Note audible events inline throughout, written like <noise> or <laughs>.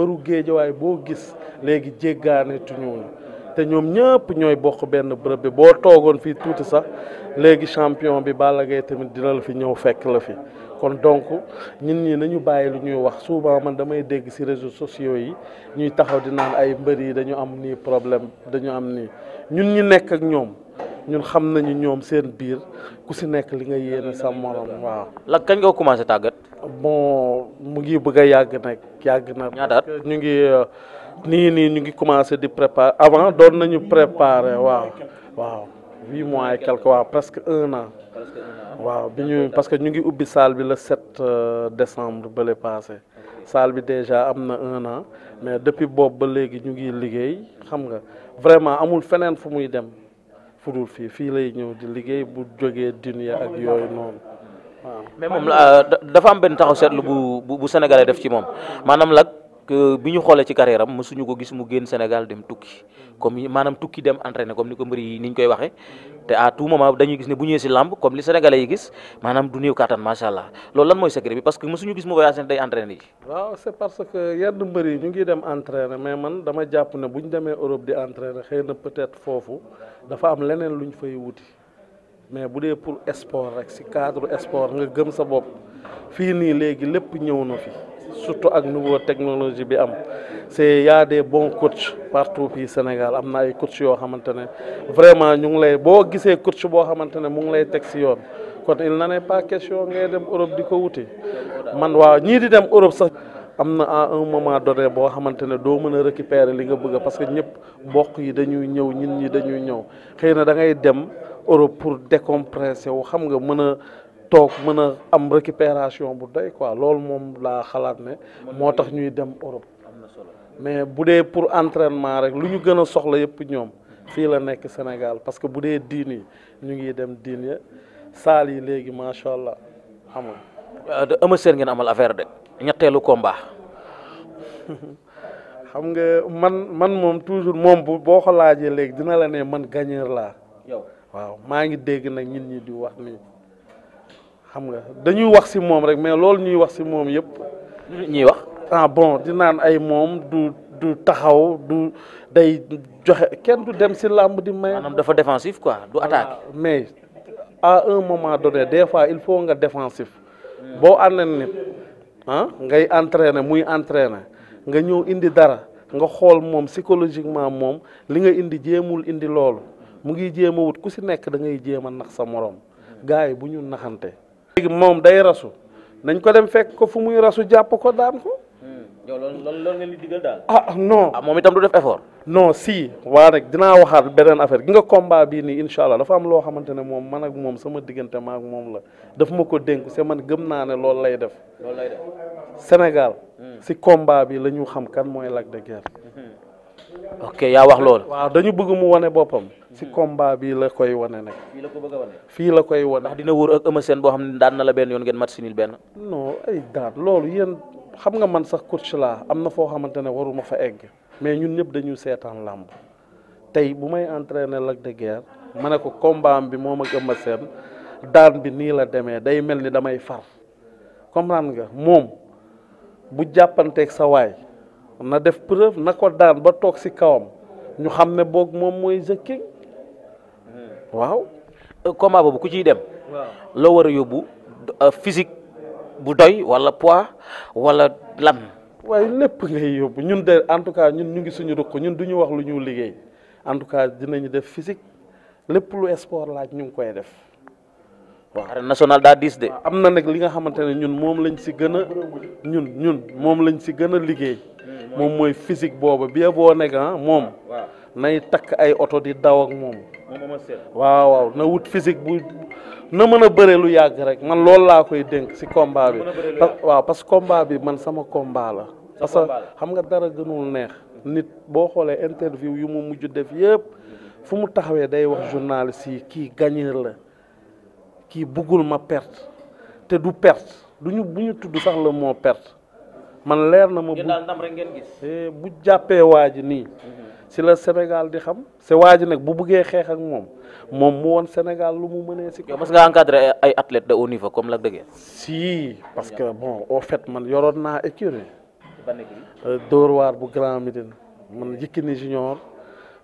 mbëru géejawaay boo gis léegi jéggaane tuñu te ñoom ñëpp ñooy bokk benn bërëb bi boo toogoon fii tuuti sax léegi champion bi Balla Gaye tamit dina la fi ñëw fekk la fi kon donc ñun ñi nañu bàyyi lu ñuy wax souvent man damay dégg ci réseau sociaux yi ñuy taxaw di naan ay mbër yi dañu am nii problème dañu am ni ñun ñi nekk ak ñoom ñun xam nañu ñoom seen biir ku si nekk li nga yéene sa morom waaw. la kañ nga commencé tàggat. bon mu ngi bëgg a yàgg nag yàgg na. ñaata ñu ngi euh, nii nii ñu ngi commencé di préparer avant doon nañu préparer waaw waaw huit mois et quelque waaw presque un an. waaw bi ñu parce que ñu ngi ubbi salle bi le 7 euh, décembre bële passé salle bi déjà am na un an mais depuis boobu ba léegi ñu ngi liggéey xam nga vraiment amul feneen fu muy dem. fudul fii fii lay ñëw di liggéey bu jógee dunya ak yooyu noonu mais moom euh, dafa am benn taxaw seetlu bu bu bu sénégalais def ci moom maanaam nag que bi ñu xoolee ci carrière am mësuñu ko gis mu génn Sénégal dem tukki comme maanaam tukki dem entraîner comme ni ko mbëri yi ni ñu koy waxee te à tout moment dañuy gis ne bu ñëwee si lamb comme li sénégalais yi gis maanaam du néew kattan macha allah loolu lan mooy secret bi parce que mësuñu gis mu voyage day entraîner yi. waaw c'est parce que yenn mbëri yi ñu ngi dem entraîner mais dama jàpp ne bu ñu demee Europe di entraîner xëy na peut-être foofu dafa am leneen luñ fay wuti mais bu dee pour sport rek si cadre sport nga gëm sa bopp fii nii léegi lépp ñëw na fi. surtout ak nouveau technologie bi am c'est y bon des bons coachs partout fii Sénégal am na ay coachs yoo xamante ne vraiment ñu ngi lay boo gisee coach boo xamante ne mu ngi lay teg si yoon kon il n'en est pas question ngay dem Europe di ko wuti man waaw ñii di dem Europe sax am na à un moment donné boo xamante ne doo mën a récupérer li nga bëgg parce que ñëpp mbokk yi dañuy ñëw ñin ñi dañuy ñëw xëy na da ngay dem Europe pour décompresser wu xam nga mën a toog mën a am récupération bu doy quoi loolu moom laa xalaat ne moo tax ñuy dem Europe mais bu dee pour entrainement rek lu ñu gën a soxla yëpp ñoom fii la nekk Sénégal parce que bu dee diin yi ñu ngi dem diin ya saal léegi macha allah xam nga. Euh, Eumeu Sène ngeen amal affaire de ñetteelu combat. <laughs> xam nga man man moom toujours moom bu boo ko laajee léegi dina la ne man gagneur laa. yow waaw maa ngi dégg nag ñit ñi di wax nii. xam nga dañuy wax si moom rek mais loolu ñuy wax si moom yëpp. ñuy wax ah bon di naan ay moom du du taxaw du day joxe kenn du dem si làmb di may. maanaam dafa défensif quoi du attaque. mais à un moment donné des fois il faut nga défensif. boo àndal nit ah ngay entraîner muy entraîner nga ñëw indi dara nga xool moom psychologiquement moom li nga indi jéemul indi loolu mu ngi jéem a wut ku si nekk da ngay jéem a nax sa morom gars yi bu ñu naxante. moom day rasu nañ ko dem fekk ko fu muy rasu jàpp ko daan ko. Hmm. yow loolu loolu ah, ah, moom itam du def effort. non si waa nag dinaa waxaat beneen affaire gi nga combat bii nii incha allah dafa am loo xamante ne moom man ak moom sama diggante ma moom la daf ma ko dénk se man gëm naa ne loolu lay def. Sénégal. Hmm. si combat bi la ñu xam kan mooy Lac de Guiers. Hmm. ok yaa wax loolu. waaw dañu bëgg mu wane boppam. si hmm. combat bii la koy wane nag. fii la ko bëgg a fii la koy wane. ndax dina wóor ak Eumeu seen boo xam ne daan la benn yoon ngeen mat sinil benn. non loolu yéen xam nga man sax coach laa am foo xamante ne waruma fa egg mais ñun ñëpp dañu seetaan làmb tey bu may entraîné Lac de Guiers ma ne ko combat bi moom ak Eumeu Sène daan bi nii la demee day mel ni damay far comprendre nga moom bu jàppanteek sa waay. na def preuve na ko daan ba toog si kawam ñu xam ne boog moom mooy the waaw. combat bu ku ciy dem. la war a yóbbu euh, physique bu doy wala pois wala lan. waaye lépp ngay yóbbu ñun de en tout cas ñun ñu ngi suñu ruq ñun du ñu wax lu ñu liggéey en tout cas dinañu def physique lépp lu sport laaj ñu ngi koy def. waaw national nationale daa diis de. am na nag li nga xamante ne ñun moom lañ si gën a ñun ñun moom lañ si gën a liggéey. Hmm. moom mooy physique boobu bi boo nekk ah, moom nay takk ay oto di daw ak moom waaw waaw na wut physique bu na mën a bëre lu yàgg rek man lool laa koy dénk si combat bi waaw parce que combat bi man sama combat la parce xam nga dara gënul neex nit boo xoolee interview yu mu mujj def yëpp fu mu taxawee day wax journaliste yi kii gagneur la kii buggul ma perte te du perte du ñu bu ñu tudd sax le mot perte man leer na ma bu ndam rek ngeen eh, bu jàppee waa ji nii. Mhm. si la Sénégal di xam si waa ji nag bu buggee xeex ak moom moom mu woon Sénégal lu mu mënee si. parce que encadré ay athlètes de niveau comme Lac de si parce que bon au fait man yoroon naa écurie. ban euh, waar bu Grand Médine man Yékini Junior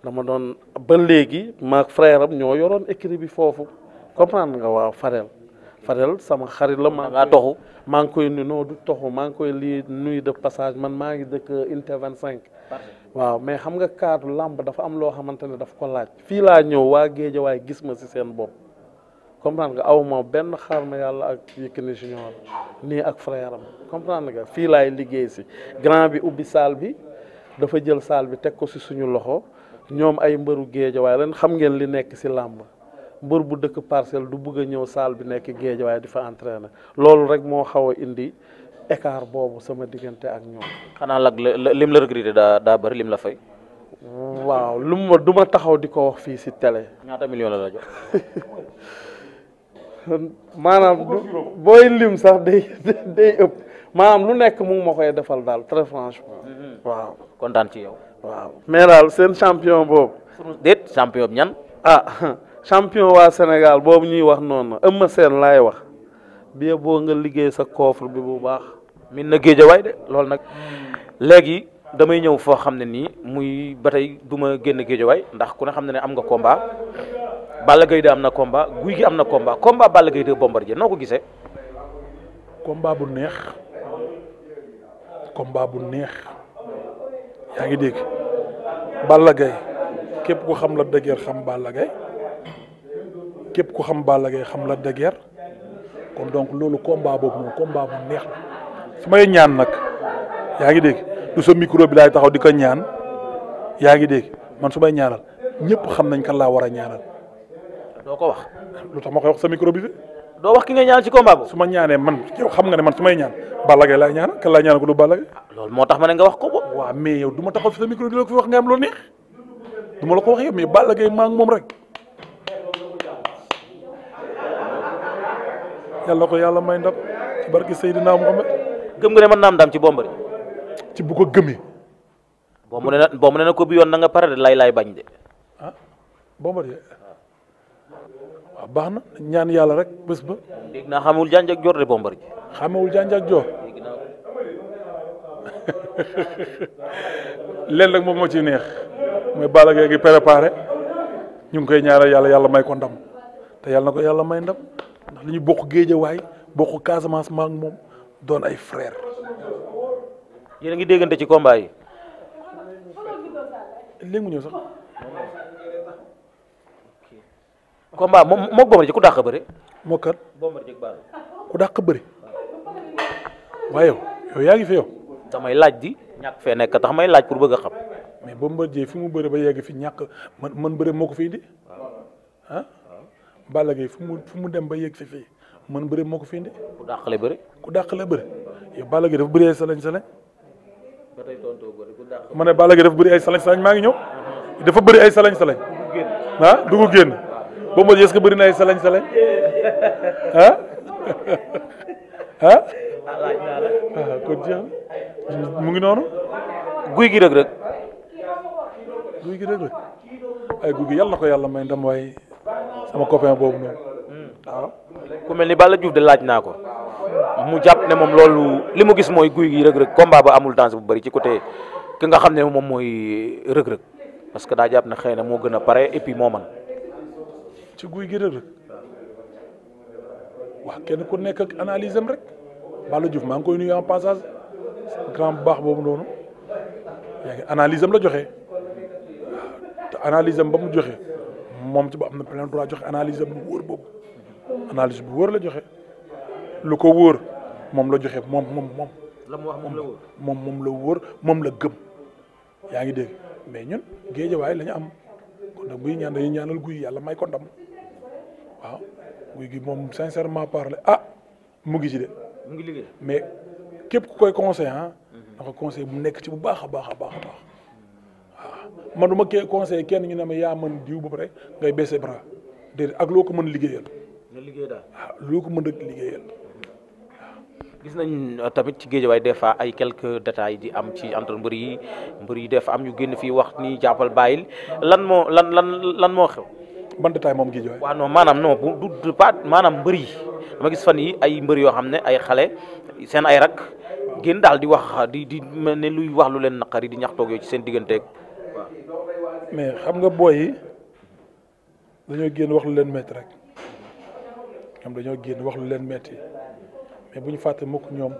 dama doon ba léegi maag frère am ñoo yoroon écurie bi foofu comprendre nga waaw fareel Fadel sama xarit la. maa ngi toxu maa ngi koy noo du toxu maa ngi koy lii nuy de passage man maa ngi dëkk unité 25. waaw mais xam nga kaatu làmb dafa am loo xamante ne daf ko laaj. fii laa ñëw waa géeje waaye gis ma si seen bopp comprendre nga awma benn xar ma yàlla ak Yékini Junior nii ak frère am comprendre nga fii laay liggéey si grand bi ubbi saal bi dafa jël saal bi teg ko si suñu loxo ñoom ay mbëru géej waaye ren xam ngeen li nekk si làmb. mbër bu dëkk parcelle du bugg a ñëw saal bi nekk géej waaye di fa entraîner loolu rek moo xaw a indi écart boobu sama diggante ak ñoom. xanaa lag la lim la regretté daa daa bari lim la fay. waaw lu ma du ma taxaw di ko wax fii si télé. ñaata million la la jox. <laughs> maanaam booy lim sax day day ëpp maanaam lu nekk mu ma koy defal daal très franchement. Mm-hmm. waaw kontaan ci yow. waaw mais daal seen champion boobu. déet champion bi ñan ah. champion waa Sénégal boobu ñuy wax noonu am Eumeu seen laay wax bi boo nga liggéey sa coffre bi bu baax. min na géejawaay de loolu nag léegi damay ñëw foo xam ne nii muy ba tey duma génn génn géejawaay ndax ku ne xam ne ne am nga komba Balla Gaye de am na combat guy gi am na combat combat Balla Gaye de Bombardier noo ko gisee. combat bu neex komba bu neex yaa ngi dégg Balla Gaye képp ko xam la dëgër xam Balla Gaye képp ku xam Balla Gaye xam Lac de Guiers kon donc loolu combat boobu moom combat bu neex la su may ñaan nag yaa ngi dégg du sa micro bi laay taxaw di ko ñaan yaa ngi dégg man su may ñaanal ñëpp xam nañ kan laa war a ñaanal. doo ko wax. lu tax ma koy wax sa micro doo wax ki nga ñaan ci combat boobu. su ma ñaanee man xam nga ne man su may ñaan Balla Gaye laay ñaanal kan laay ñaanal ko du Balla Gaye. Ah, moo tax ma ne nga wax ko ko. waaw mais yow du ma taxaw fi sa micro di la ko fi wax nga am lu neex la ko wax yow mais Balla moom rek. yàlla ko yàlla may ndam ci barki Seydina Mohamed. gëm nga ne mën naa ndam ci Bombardier. ci bu ko gëmee. boo mu ne na boo mu ko bi yoon na nga pare de lay lay bañ de. ah Bombardier baax na ñaan yàlla rek bés ba. dégg naa xamewul janj ak joor de Bombardier. xamewul janj ak joor. <laughs> leen nag moom moo ci neex mooy bala Gaye gi préparé ñu ngi koy ñaanal yàlla yàlla may ko ndam te yàlla ko yàlla may ndam. ndax li ñu bokk géejawaay bokk Casamance maa moom doon ay frère yéen a ngi déggante ci combat yi. léegi mu ñëw sax. combat moom moo Bombardier ku dàq bëri. moo kër Bombardier baal ku dàq bëri. waaye yow yaa ngi fi yow. damay laaj di ñàkk fee nekk tax may laaj pour bëgg a xam. mais Bombardier fi mu bëri ba yegg fi ñàkk man man bëri moo ko fi indi ah Balla Gaye fu mu fu mu dem ba yegg si fii man bëri moo ko fi indi. ku dàqale bëri. ku dàqale bëri yow Balla Gaye dafa bëri ay salañ salañ. ba tey tontoo ko ku dàq. ma ne Balla Gaye maa ngi ñëw. Uh-huh. dafa bëri ay salañ salañ. dugg génn ah génn. ba mu est-ce ay salañ salañ ah ah. ah kon mu ngi noonu. guy gi rëg rëg. guy gi rëg ay guy gi yàlla ko yàlla may ndam sama copain boobu noonu hmm. ah. ku mel ni Balla Diouf de laaj naa ko mu jàpp ne moom loolu li mu gis mooy guy gi rëg-rëg combat ba amul danse bu bari ci côté ki nga xam ne moom mooy rëg-rëg parce que daa jàpp ne xëy na moo gën a pare et puis moo man ci guy gi rëg-rëg waaw kenn ku nekk ak am rek Balla Diouf maa ngi koy nuyu en passage grand bu baax boobu noonu yaa la joxe te analyse ba mu joxe moom ci ba am na plein droit joxe analyse bu boobu analyse bu wóor la joxe lu ko wóor moom la joxe moom moom moom. la mu wax moom la wóor moom moom la wóor moom la gëm yaa ngi dégg mais ñun géejawaay waaye ñu am kon nag buy ñaan dañuy ñaanal guy yàlla may ko ndam guy gi moom sincèrement parler ah mu ngi ci de. mu mais képp ku koy conseil ah. na ko conseil mu nekk ci bu baax a baax a baax man du ma kee kenn ñu ne ma yaa mën diw ba rek ngay baissé bras déedéet ak loo ko mën liggéeyal. liggéey daal waaw ah, loo ko mën rek liggéeyal. Ah. gis nañ euh, tamit ci géejawaay des fois ay quelques détails di am ci entre mbër yi mbër yi des fois am ñu génn fii wax ni jàppal bàyyil lan moo lan lan lan moo xew. ban détail moom géejawaay. waa non maanaam noo bu du pas maanaam mbër yi dama gis fan yi ay mbër yoo xam ne ay xale seen ay rak génn daal di wax di di mel ne luy wax lu leen naqari di ñaxtoog yooyu ci seen digganteeg. mais xam nga booy yi dañoo génn wax lu leen métti rek ñoom dañoo génn wax lu leen métti mais bu ñu fàtte mukk ñoom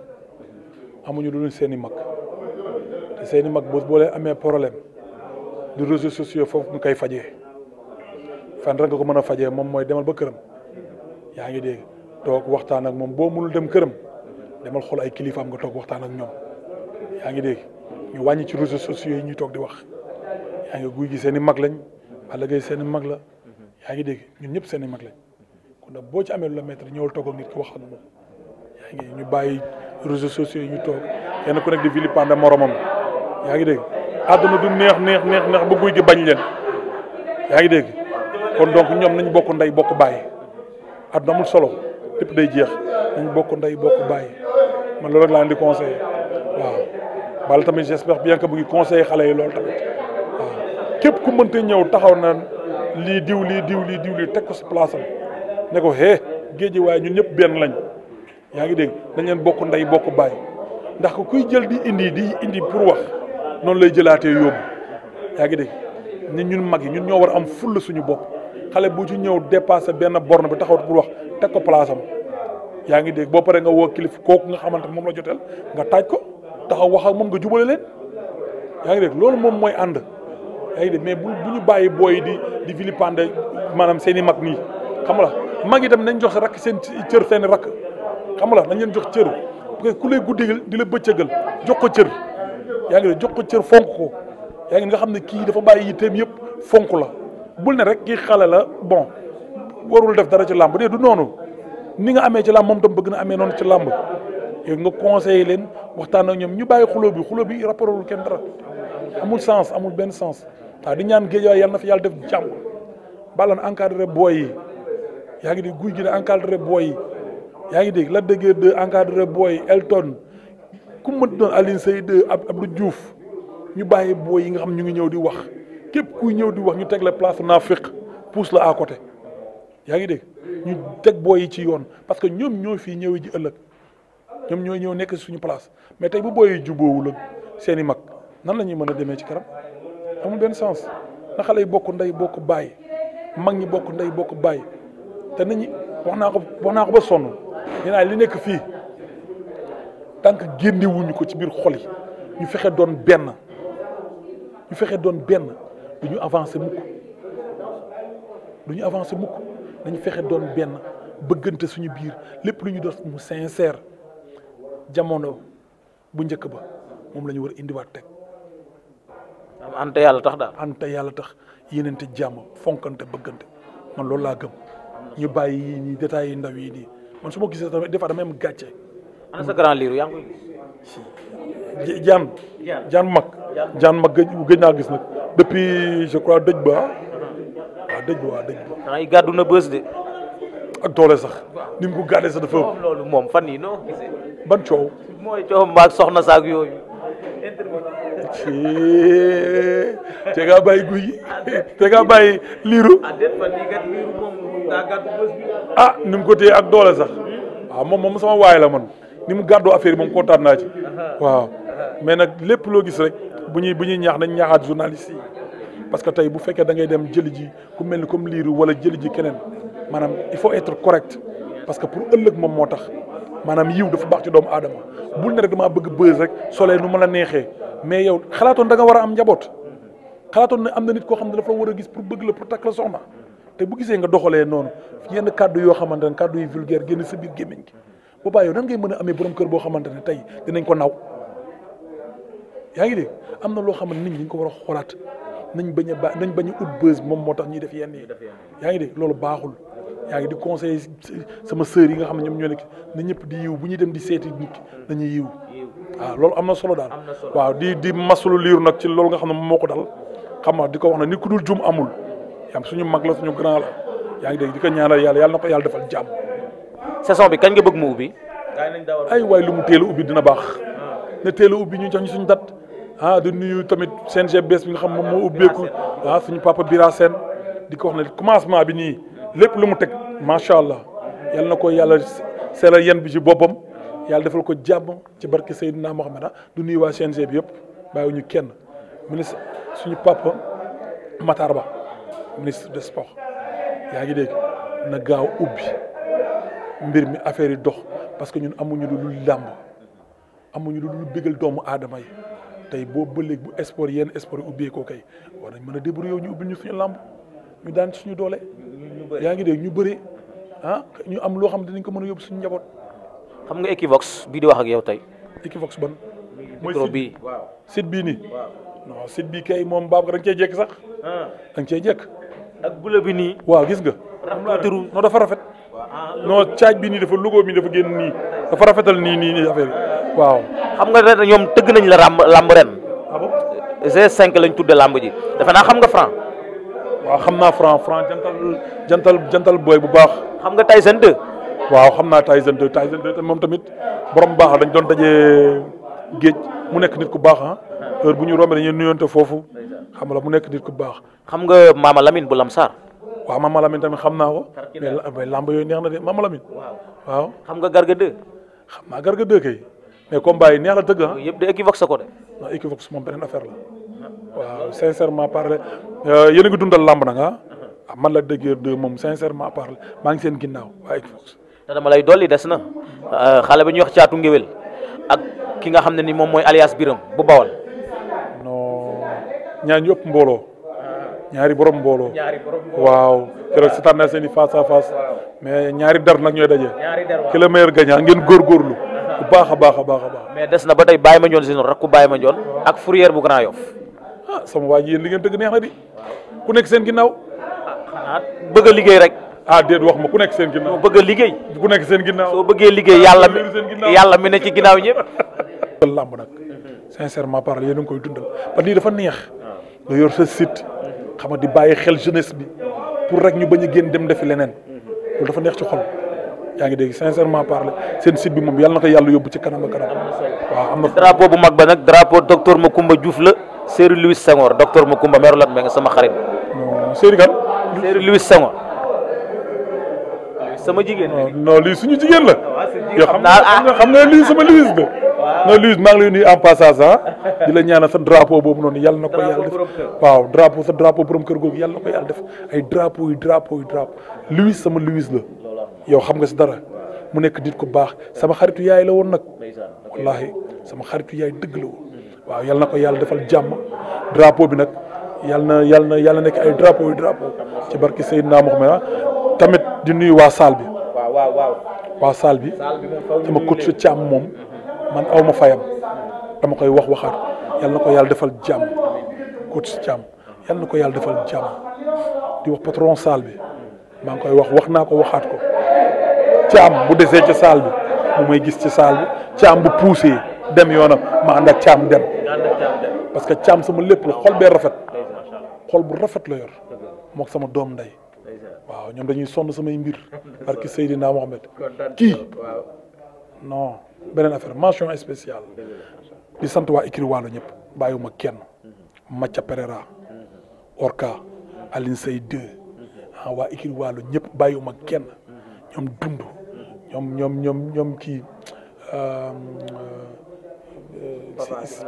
amuñu lu dul seen mag te seen i mag boo boo leen amee problème du réseaux sociaux foofu ñu koy fajee fan rek nga ko mën a fajee moom mooy demal ba këram yaa ngi dégg toog waxtaan ak moom boo mënul dem këram demal xool ay kilifaam nga toog waxtaan ak ñoom yaa ngi dégg ñu wàññi ci réseaux sociaux yi ñuy toog di wax. yaa ngi guy gi seen i mag lañ Balla seen i mag la yaa ngi dégg ñun ñëpp seen i mag lañ kon nag boo ci amee lu la mettre ñëwal toog ak nit ki wax ak moom yaa ngi ñu bàyyi réseaux sociaux yi ñu toog kenn ku nekk di vilipender moromam yaa ngi dégg àdduna du neex neex neex neex ba guy gi bañ leen yaa ngi dégg kon donc ñoom nañ bokk ndey bokk bàyyi àdduna amul solo lépp day jeex dañ bokk ndey bokk bàyyi man loolu rek laa leen di conseillé waaw Balla tamit j'espère bi que mu ngi conseillé xale yi loolu tamit képp ku mënta ñëw taxaw naan lii diw lii diw lii diw lii teg ko si place ne ko hee géej waaye ñun ñëpp benn lañ yaa ngi dégg dañ bokk ndey bokk baay ndax ko kuy jël di indi di indi pour wax noonu lay jëlaatee yóbbu yaa ngi dégg ñun mag yi ñun ñoo war am fulla suñu bopp xale bu ci ñëw dépassé benn borne bi taxawut pour wax teg ko place yaa ngi dégg boo paree nga woo kilif kooku nga xamante moom la joteel nga taaj ko taxaw wax moom nga jubale leen yaa ngi dégg loolu moom mooy ànd. yaa ngi mais bu bu ñu bàyyi booy di di vilipande maanaam seen i mag nii xam la mag itam nañ jox rakk seen cër seen rakk xam la nañ leen jox cër parce que ku lay guddigal di la jox ko cër yaa ngi jox ko cër fonk ko nga xam ne kii dafa bàyyi yitteem yëpp fonk la bul ne rek kii xale la bon warul def dara ci làmb dee du noonu ni nga amee ci làmb moom tam bëgg na amee noonu ci làmb yooyu nga conseillé leen waxtaan ak ñoom ñu bàyyi xuloo bi xuloo bi rapportul kenn dara amul sens amul benn sens waa di ñaan géej waaye yal na fi yàlla def jàmm balan encadré booy yi yaa ngi dégg guy gi ne encadré booy yi yaa ngi dégg la déggee de encadré booy yi Elton ku mu mënti doon Alioune Seye de Abdou Diouf ñu bàyyi booy yi nga xam ñu ngi ñëw di wax képp kuy ñëw di wax ñu teg la place féq pousse la à côté yaa ngi dégg ñu teg booy yi ci yoon parce que ñoom ñoo fii ñëwee ji ëllëg ñoom ñooy ñëw nekk suñu place mais tey bu booy yi jubboowul ak seen i mag nan la ñuy mën a demee ci kanam. amul benn sens na xale yi bokk ndey bokk baay mag ñi bokk ndey bokk baay te nañu wax naa ko wax naa ko ba sonn ñu li nekk fii tant que ko ci biir xol yi ñu fexe doon benn ñu fexe doon benn du ñu avancer mukk du ñu avancer mukk nañu fexe doon benn bëggante suñu biir lépp lu ñu doon mu sincère jamono bu njëkk ba moom la war a indiwaat teg. am te yàlla tax daal am te yàlla tax yéenante jàmm fonkante bëggante man loolu laa gëm ñu bàyyi yii ñii détails ndaw yi di man su ma gisee tamit des fois damay am gàcce. ana sa grand liiru yaa ngi koy gis. jaan jaan mag jaan mag gëj naa gis nag depuis je crois dëj ba waaw dëj ba waaw dëj ba. da ngay na bës de. ak doole sax ni mu ko sax dafa. moom fan yii noo gisee. ban coow. mooy soxna saag yooyu. te nga bàyyi guy gi te bàyyi liiru ah ni mu ko téye ak doole sax waaw ah, moom moom sama waay la moon ni mu gàddoo affaire yi moom kontaan naa ci waaw mais nag lépp loo gis rek bu ñuy bu ñuy ñaax nañ ñaaxaat journaliste yi parce que tey bu fekkee da ngay dem jël ji ku mel ni comme liiru wala jëli ji keneen maanaam il faut être correct parce que pour ëllëg moom moo tax maanaam yiw dafa baax ci doomu aadama bul ne rek damaa bëgg bës rek solee nu ma la neexee mais yow xalaatoon danga war a am njaboot xalaatoon ne am na nit koo xam ne dafa war a gis pour bëgg la pour takk la soxna te bu gisee nga doxalee noonu yenn kàddu yoo xamante ne kàddu yu vulgaire génn sa biir gémmiñ gi boobaa yow nan mën a amee borom kër boo xamante ne tey dinañ ko naw yaa ngi de am na loo xam nit ñi ñu ko war a xoolaat nañ bañ a nañ bañ a ut moom moo tax ñuy def yenn yi yaa ngi dégg loolu baaxul yaa ngi di conseillé sama sœur yi nga xam ne ñoom ñoo nekk na ñëpp di yiw bu ñuy dem di seeti nit nañu yiw waaw loolu am na solo daal waaw di di masulu liir nag ci loolu nga xam ne moo ko dal xam nga di ko wax ne ni ku dul jum amul yaa suñu mag la suñu yaa ngi dégg di ko ñaanal yàlla yàlla ko yàlla defal jàmm saison bi kañ nga bëgg mu ubbi ay waay lu mu teel a ubbi dina baax ah. na teel a ubbi ñu jox ñu suñu dat ah di nuyu tamit CNG bees bi nga xam moom moo ubbeeku ah suñu papa Bira Sène di ko wax ne commencement bi nii lépp lu mu teg macha allah yal na ko yàlla seelal yan bi ci boppam yàlla defal ko jàmm ci barke Seydina Mohameda ah, du nuyu waa CNG bi yëpp ñu kenn ministre suñu papa Matar Ba ministre de sports yaa ngi dégg na gaaw ubbi mbir mi affaire yi dox parce que ñun amuñu lu dul làmb amuñu lu dul bégal doomu aadama yi tey boo ba bu sport yenn sport yi ubbee koo kay war nañ mën a débrouiller yow ñu ubbi ñu suñu làmb ñu daan suñu doole. yaa ngi dégg ñu bëri ah ñu am loo xam dinañ ko mën a yóbbu suñu njaboot. xam nga Equivox bii di wax ak yow tey. Equivox ban. mooy site bii waaw site bii nii. waaw non site bii kay moom Babacar da nga cee jekk sax. Ah. da nga cee jekk. ak bula bi nii. waaw gis nga. turu non dafa rafet. Ah, non caaj bi nii dafa logo bi dafa génn nii dafa rafetal nii nii nii affaire bi waaw. xam nga ren ñoom tëgg nañu la làmb làmb ren. Ah G5 lañ tudde làmb ji defe naa xam nga franc. waaw xam naa Franc Franc jantal jantal jantal booy bu baax. xam nga Tyson 2. waaw xam naa Tyson 2 Tyson 2 moom tamit borom baax la dañ doon dajee géej mu nekk nit ku baax a ah. heure bu ñu rombee dañuy nuyonte foofu xam la nekk nit ku baax. xam nga Mama Lamine bu Lamsar. waaw Mama Lamine tamit xam naa ko. mais lamb yooyu neex na de Mama Lamine. waaw xam nga Garga 2. xam naa Garga 2 kay mais combat yi neex la dëgg ah. yëpp de Equivox ko de. non Equivox moom beneen affaire la. waaw sincèrement parler euh, yéen a ngi dundal làmb nag ah, uh-huh. ah man la déggee de moom sincèrement parler maa ngi seen ginnaaw waaye. te dama lay yi des na euh, xale ba ñuy wax caatu ngéwél ak ki nga xam ne ni moom mooy alias biram bu bawal. non ñaar ñu ëpp uh-huh. mbooloo ñaari borom mbooloo waaw keroog seetaan naa seen i face à face mais ñaari dar nag ñooy daje. ki la meilleur gagnant ngeen góorgóorlu uh-huh. bu baax a baax a baax a baax. mais des na ba tey Baye Mandione Junior rakku Baye Mandione ak Fourier bu Grand Yoff ah sama waa ji yéen li ngeen tëgg neex na di ku nekk seen ginnaaw xanaa liggéey rek ah déet wax ma ku nekk seen ginnaaw bëgg a liggéey ku nekk seen ginnaaw soo bëggee liggéey yàlla mi yàlla mi ne ci ginnaaw ñëpp lamb <laughs> nag sincèrement parle yéen a ngi koy dundal parce que lii dafa neex nga yor sa site xam nga di bàyyi xel jeunesse bi pour rek ñu bañ a génn dem defi leneen mhm. loolu dafa neex ci xol yaa ngi dégg sincèrement parle seen site bi moom yàlla na ko yàlla yóbbu ci kanam a kanam bu mag ba nag drapeau docteur Macoumba Diouf la Seydou Louis Senghor docteur Macoumba Mero Lat Mbengue sama xarit. Seydou kan. Seydou Louis jigéen la non lii suñu jigéen la. Ah, xam ah, ne xam nga lii sama Louis la. waaw maa ngi lay nuyu en passage ah. di sa drapeau boobu noonu yàlla na ko yàlla def waaw drapeau sa kër googu yàlla ko yàlla def ay drapeau yu drapeau sama Louis la. yow xam nga si dara mu nekk nit ku baax sama xaritu yaay la woon nag. wallaahi sama xarit yaay dëgg la woon. waaw yal na ko yàlla defal jàmm drapeau bi nag yal na yal na yàlla nekk ay drapeau yu drapeau ci barki Seydina Mohamed tamit di nuyu waa saal bi. waaw waaw waaw. waa saal bi moom man aw fayam dama koy wax waxaat yal na ko yàlla defal jàmm si Thiam yal na ko yàlla defal jàmm di wax patron saal bi maa ngi koy wax wax naa ko waxaat ko Thiam bu desee ci saal bi mu may gis ci saal bi Thiam bu poussé dem yoona ma ànd ak dem. parce que caam sama lépp la xol bee rafet xol bu rafet la yor mook sama doom nday waaw ñoom dañuy sonn samay mbir parce que Seydina Mohamed kii non beneen affaire mention spéciale di sant waa écrit wàllu ñëpp bàyyiwuma kenn Macha Pereira Orka Aline Sey 2 ah waa écrit wàllu ñëpp bàyyiwuma kenn ñoom dund ñoom ñoom ñoom kii euh,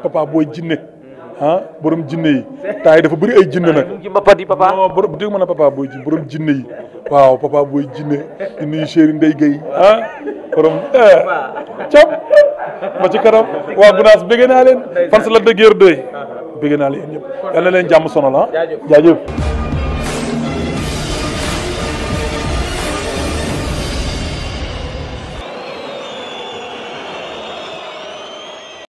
papa booy jinne ah borom jinne yi temps yi dafa bëri ay jinne nag borom dégg mën a papa booy jinne borom jinne yi waaw papa booy jinne di nuyu chéri Ndeye Gueye ah borom eh, cam ma ci kanam waa gunaas bëgg naa leen la dëgër doy bëgg naa leen ñëpp na leen jàmm sonal ah jaajëf